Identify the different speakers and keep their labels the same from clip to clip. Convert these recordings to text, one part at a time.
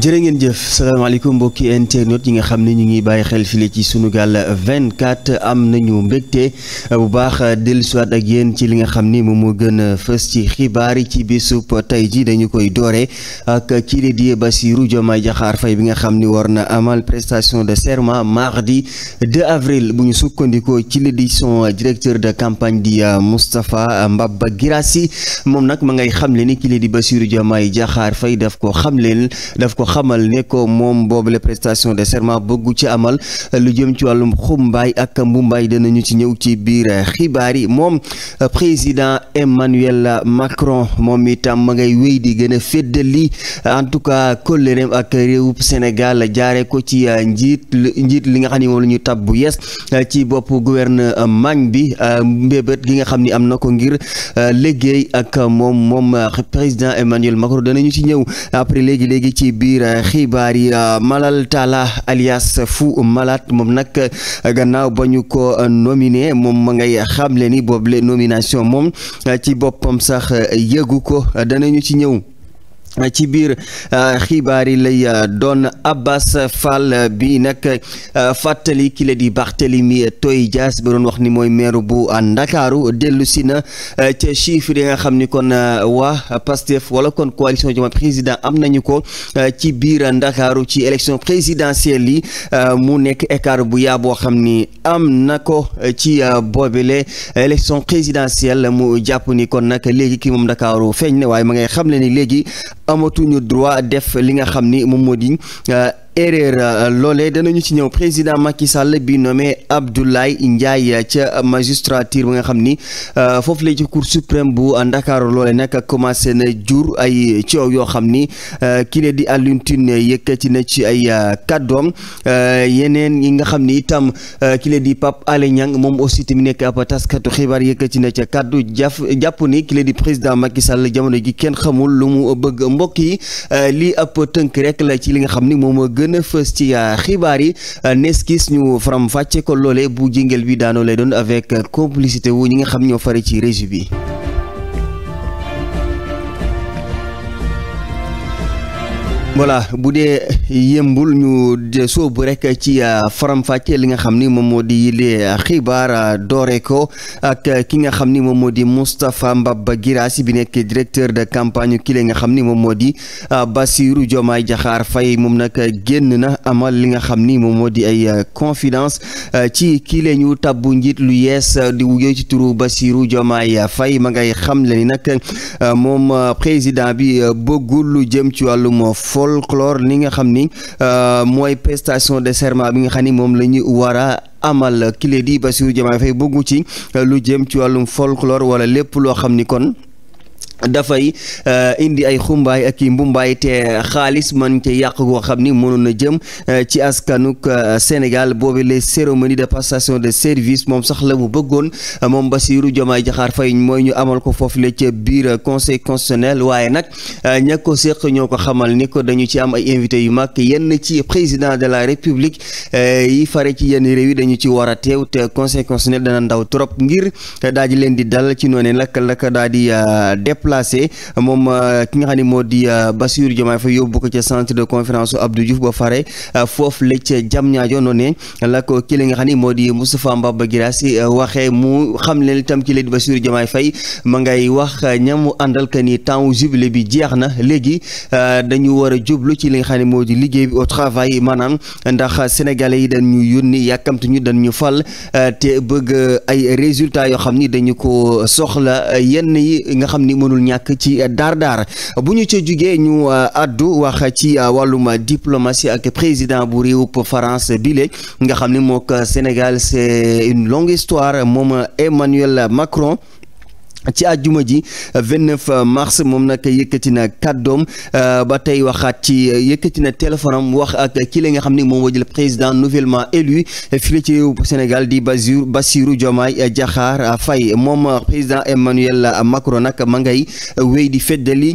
Speaker 1: jërë ngeen jëf salaamaaleykum mbokki internet yi nga xam ne ñu ngi bàyyi xel file ci Sunugal 24 am nañu mbégte bu baax dellusiwaat ak yéen ci li nga xam ni moom moo gën a fës ci xibaar yi ci bésub tey ji dañu koy doore ak kii di Bassirou Diomaye Diakhar fay bi nga xam ni war na amal prestation de serment mardi 2 avril bu ñu sukkandikoo ci li di son directeur de campagne di euh, Moustapha Mbaba Guirassy moom nag ma ngay xamle ni kii di Bassirou Diomaye Diakhar Faye daf ko xamle daf ko xamal ne moom boobu la prestation de serment bëggu ci amal lu jëm ci wàllum xumbaay ak mbumbaay danañu ci ñëw ci biir xibaar yi moom président Emmanuel Macron moom itam ma ngay wéy di gën a féddali en tout cas kollereem ak réewub Sénégal jaare ko ci euh, njiit njiit li nga xam ne moom la ñu tab bu yees euh, ci bopp gouvernement bi euh, mbébét gi nga xam ni am na ko ngir léggéey ak moom moom président Emmanuel Macron danañu ci ñëw après léegi-léegi ci biir biir xibaar yi Malal Talla alias Fou Malade moom nag gannaaw ba ñu ko nominé moom ma ngay xamle ni boobu la nomination moom ci boppam sax yëgu ko danañu ci ñëw. ci biir euh, xibaar yi lay euh, doon Abbas Fall euh, bi nag fàttali kile di Barthélemy Toye Dias bi doon wax ni mooy maire bu Ndakaaru dellusi na ca chiffre yi nga xam ni kon waa Pastef wala kon coalition Diomaye président am nañu ko ci biir Ndakaaru ci élection présidentielle yi mu nekk écart bu yaa boo xam ni am na ko ci boobele élection présidentielle mu jàpp ni kon nag léegi ki moom Ndakaaru feeñ ne waaye ma ngay xam ne ni léegi amatuñu droit def li nga xam ni moom moo di euh, erreur euh, loolee danañu ci ñëw président Macky Sall bi nommé Abdoulaye Ndiaye ca magistrature bi nga xam ni euh, foofu la ci cour suprême bu Ndakaaru loolee nag commencé na jur ay coow yoo xam ni euh, kii di Alioune yëkkati na ci ay kàddoom yeneen yi nga xam ni itam kii di Pape Alé Niang moom aussi tamit nekk ab taskatu xibaar yëkkati na ca kaddu jaf jàpp ni kii di président Macky Sall jamono ji kenn xamul lu mu bëgg mbokk yi lii ab tënk rek la ci li nga xam ni moom moo gën gën ci euh, xibaar yi euh, nees gis ñu faram fàcce ko loole bu jëngel bi daanoo lay doon avec euh, complicité wu ñi nga xam ñoo fari ci régie bi voilà bu dee yëmbul ñu soobu rek ci euh, faram-fàcce li nga xam ni moom moo di yile xibaar euh, doore ko ak euh, ki nga xam ni moom moo di Moustapha Mbaba Guirassy bi nekk directeur de campagne kile la nga xam ni moom moo di Bassirou Diomaye Diakhar fay moom nag génn na amal li nga xam ni moom moo di ay confidence ci ki la ñu tabbu njiit lu yees di wuyoo ci turu Bassirou Diomaye Faye ma ngay xam le ni nag moom président bi bëggul lu jëm ci wàllum folklore ni nga xam ni euh, mooy prestation de serment bi nga xam ni moom la ñu war a amal kile di Bassirou Diomaye Faye bëggu ci lu jëm ci wàllum folklore wala lépp loo xam ni kon dafay euh, indi ay xumbaay ak i mbumbaay te xaalis man te yàq goo xam ni mënoon na jëm euh, ci askanuk euh, Sénégal boobi les cérémonie de passation de service moom sax la mu bëggoon moom Bassirou Diomaye jaxaar Faye mooy ñu amal ko foofu la ca biir conseil constitutionnel waaye nag ña ko séq ñoo ko xamal ni ko dañu ci am ay invité yu mag yenn ci président de la république yi fare ci yenn réew yi dañu ci war a teew te conseil constitutionnel dana ndaw trop ngir daal di leen ci noonu nag la daal di dépp remplacé moom euh, ki nga xam moo di euh, Bassirou Diomaye Faye yóbbu ko ca centre de conférence Abdou Diouf ba fare euh, foofu la ca Diamniadio noonu ne la ko ki li nga xam ne moo di Moustapha Mbaba Guirassy waxee mu xam leen itam ki la bi jeex na léegi dañu war a jublu ci li nga ne moo di liggéey bi au travail maanaam ndax sénégalais yi dañu yónni yàkkamtu ñu dañu fal te bëgg ay résultats yoo xam ni dañu ko soxla yenn yi nga xam ni mënul mënul ci daar daar bu ñu ci jugee ñu addu euh, wax ci euh, wàllum diplomatie ak président bu réewub France bi léeg nga xam ne mook Sénégal c'est une longue histoire moom Emmanuel Macron ci àjjuma ji 29 euh, euh, mars moom nag yëkkati na kàddoom euh, ba tey waxaat ci yëkkati na téléphone am wax ak ki la nga xam ni moom moo jël président nouvellement élu fii ci réew Sénégal di Bassirou Bassirou Diomaye Diakhar Faye moom président Emmanuel Macron nag ma ngay wéy di feddali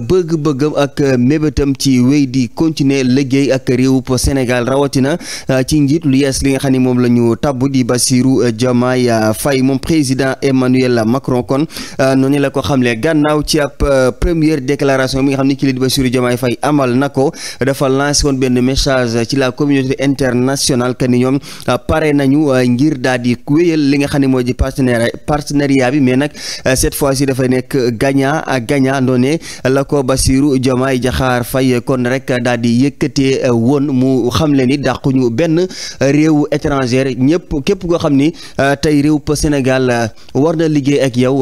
Speaker 1: bëgg-bëggam ak mébétam ci wéy di continuer liggéey ak réew Sénégal rawatina ci njiit lu yees li nga xam ni moom la ñu tabb di Bassirou Diomaye Faye moom président Emmanuel Macron kon itam euh, noonu la ko xamle gannaaw ci ab euh, première déclaration bi nga xam ni kii di Bassirou Diomaye Faye amal na ko dafa lance woon benn message ci la communauté internationale que ni ñoom euh, pare nañu ngir daal di wéyal li nga xam ne mooy ji partenaire partenariat bi mais nag cette fois si dafay nekk gagnant ak gagnant ndoone la ko Bassirou Diomaye Diakhar fay kon rek daal di yëkkatee woon mu xam le ni dàquñu benn réew étranger ñëpp képp koo xam ni tey réew Sénégal war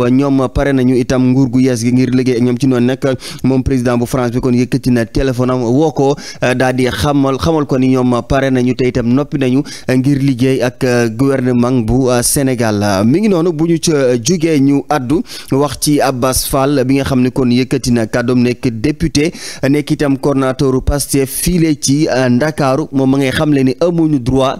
Speaker 1: taxaw ñoom pare nañu itam nguur gu yees gi ngir liggéey ak ñoom ci noonu nag moom président bu France bi kon yëkkati na téléphone am woo ko euh, daal di xamal xamal ko ni ñoom pare nañu te itam noppi nañu euh, ngir liggéey ak euh, gouvernement bu Sénégal mi ngi noonu bu ñu ca jógee ñu addu wax ci Abbas Fall bi nga xam ne kon yëkkati na kàddoom nekk député nekk itam coordonnateur Pastef fii ci Ndakaaru moom ma ngay xam le ni amuñu droit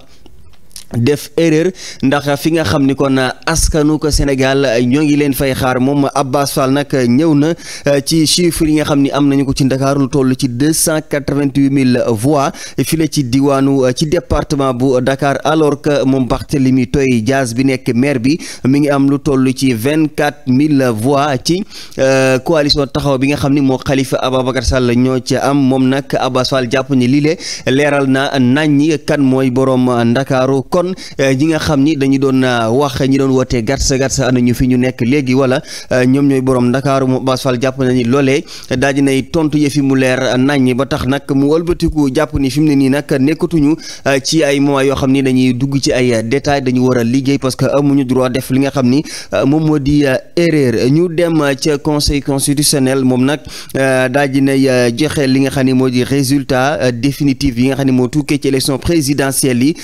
Speaker 1: def erreur ndax fi nga xam ni kon askanu ko Sénégal ñoo ngi leen fay xaar moom Abbas Fall nag ñëw na euh, ci chiffre yi nga xam ni am nañu ko ci Ndakaaru lu toll ci deux cent quatre-vingt-huit mille voix file ci diwaanu euh, ci département bu Dakar alors que moom Barthélémy Toye jaas bi nekk maire bi mi ngi am lu toll ci vingt-quatre mille voix ci euh, coalition taxaw bi nga xam ni moo Khalifa Ababacar Sall ñoo ci am moom nag Abbas Fall jàpp ni lii leeral na nañ kan mooy borom Ndakaaru kon eh, ñi nga xam ni dañu doon eh, wax ñi doon wootee gatsa gatsa ana ñu fi ñu nekk léegi wala eh, ñoom ñooy borom ndakaaru mu Abass Fall jàpp na ni loolee daal di nay tontu fi mu leer nañ ba tax nag mu wëlbatiku jàpp ni fi mu ne nii nag nekkatuñu ci ay mois yoo xam ni dañuy dugg ci ay détails dañu war a liggéey parce que amuñu droit def li nga xam ni moom moo di erreur ñu dem ca conseil constitutionnel moom nag daal di nay joxe li nga xam ni moo di résultat définitif yi nga xam ni moo tukkee ci élection présidentielle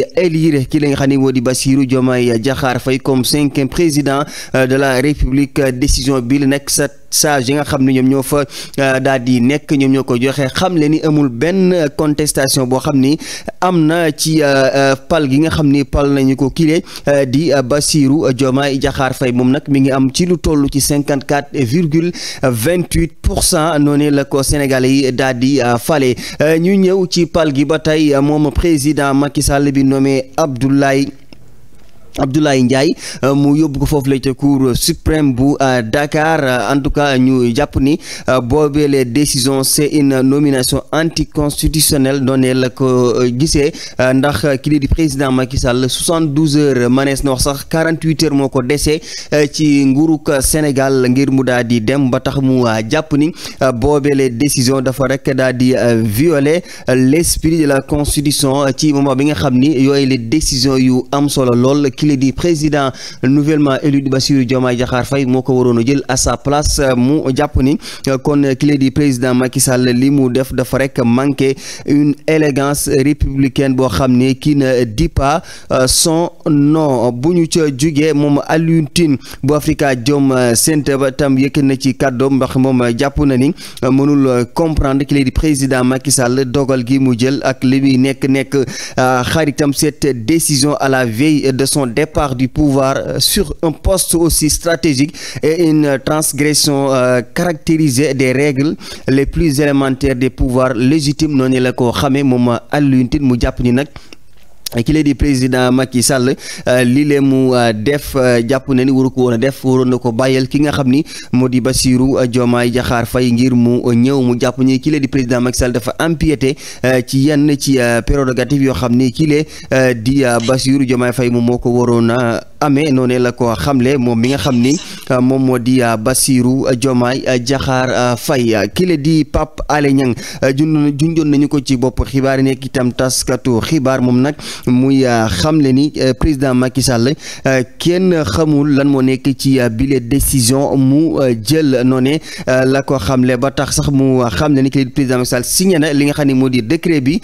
Speaker 1: di élire ki la nga xam ne moo di Bassirou Diomaye Diakhar comme président euh, de la République décision bi la nekk sages yi nga xam ne ñoom ñoo fa euh, daal di nekk ñoom ñoo ko joxe xam le ni amul benn contestation boo xam ni am na ci euh, euh, pal gi nga xam ni pal nañu ko kile di Bassirou Diomaye Diakhar Faye moom nag mi ngi am ci lu toll ci cinquante quatre virgule vingt huit pour cent noonu la ko Sénégalais yi daal di fale ñu ñëw ci pal gi ba tey moom président Macky Sall bi nommé Abdoulaye Abdoulaye Ndiaye euh, mu yóbbu ko foofu lay te cour suprême bu euh, Dakar euh, en tout cas ñu jàpp ni boobee les décisions c'est une nomination anticonstitutionnelle doonee la ko gisee ndax ki di président Macky Sall 72 heures manees na wax sax 48 heures moo ko desee ci nguurug Sénégal ngir mu daal di dem ba tax mu jàpp ni boobee les décisions dafa rek daal di violer l'esprit de la constitution ci moment bi nga xam ni yooyu les décisions yu am solo lool. kii di président nouvellement élu di Bassirou Diomaye Diakhar Faye moo ko waroon jël à sa place mu jàpp ni kon kii di président Macky Sall li mu def dafa rek manqué une élégance républicaine boo xam ne kii ne dit pas euh, son nom bu ñu ca jugee moom Alioune Tine bu Africa Jom Center ba tam yëkkat na ci kàddoom ndax moom jàpp na ni euh, mënul comprendre kii di président Macky dogal gi mu jël ak li nekk nekk euh, xaritam cette décision à la veille de son départ du pouvoir euh, sur un poste aussi stratégique et une euh, transgression euh, caractérisée des règles les plus élémentaires des pouvoirs légitimes noonu la ko xamee moom Alioune Tine mu jàpp ni nag ki lee di président Macky Sall euh, lii lee mu euh, def euh, jàpp na ni waru ko woon def waroon na ko bàyyal ki nga xam ni moo di Bassirou jomaay Diakhar fay ngir mu ñëw mu jàpp ni ki di président Macky Sall dafa empiété ci yenn ci prérogative yoo xam ni ki lee di Bassirou Diomaye fay moom moo ko waroon a amee noonu la ko xamle moom mi nga xam ni moom moo di ah, Bassirou jomaay jaxaar ah, fay kile di Pape Alé Niang ah, junjoon junjoon nañu ko ci bopp xibaar yi nekk itam taskatu xibaar moom nag muy xamle ni eh, président Macky Sall eh, kenn xamul lan moo nekk ci bile décision mu eh, jël noonu la ko xamle ba tax sax mu xamle ni kile di président Macky Sall signé na li nga xam ni moo di décret bi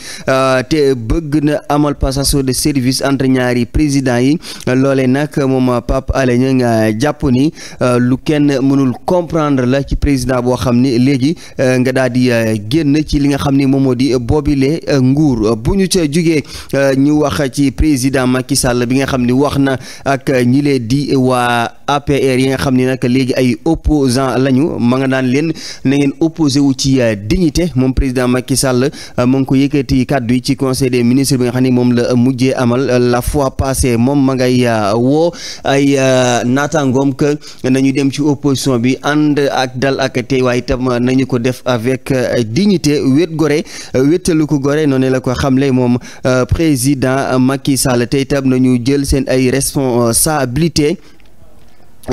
Speaker 1: te bëgg na amal passation de service entre ñaari président yi loolee nag nag moom Pape Alé Niang nga euh, jàpp ni euh, lu kenn mënul comprendre la ci président boo xam ni léegi euh, nga daal di génn ci li nga xam ni moom moo di boobile nguur bu ñu ca jugee ñu wax ci président Macky Sall bi nga xam ni wax na ak ñi lee di waa APR yi nga xam ni nag léegi ay opposant lañu ma nga naan leen na ngeen opposé wu ci dignité moom président Macky Sall mu ngi ko yëkkati kàddu yi ci conseil des ministre bi nga xam ni moom la mujjee amal la fois passée moom ma woo ay euh, naataangoom que nañu dem ci opposition bi ànd ak dal ak tey waaye itam nañu ko def avec euh, dignité wét gore wéttalu ko gore noonu la ko xamle moom euh, président Macky Sall tey itam nañu jël seen ay responsabilité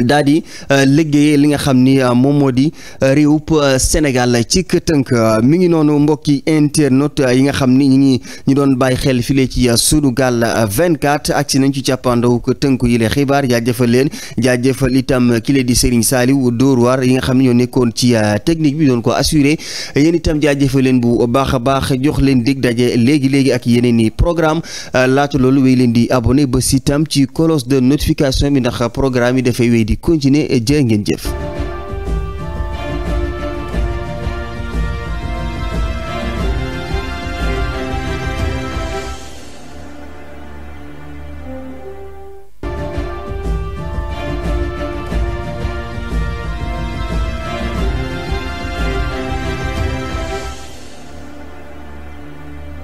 Speaker 1: daal di euh, liggéey li nga xam ni euh, moom moo di euh, réewub Sénégal ci tënk mu ngi noonu mbokki internaute yi nga xam ni ñi ngi ñu doon bàyyi xel file ci vingt 24 ak si nañ ci càppandaw ko tënku yi le xibaar jaajëfal leen jaajëfal itam kile di Serigne Saliou Dóor waar yi nga xam ne ñoo nekkoon ci technique bi doon ko assuré yéen itam jaajëfal leen bu baax baax jox leen dig daje léegi-léegi ak yeneen i programme laata loolu wéy leen di abonné ba si tam ci cloche de notification bi ndax programme yi dafay wéy di continuer jërë ngeen jëf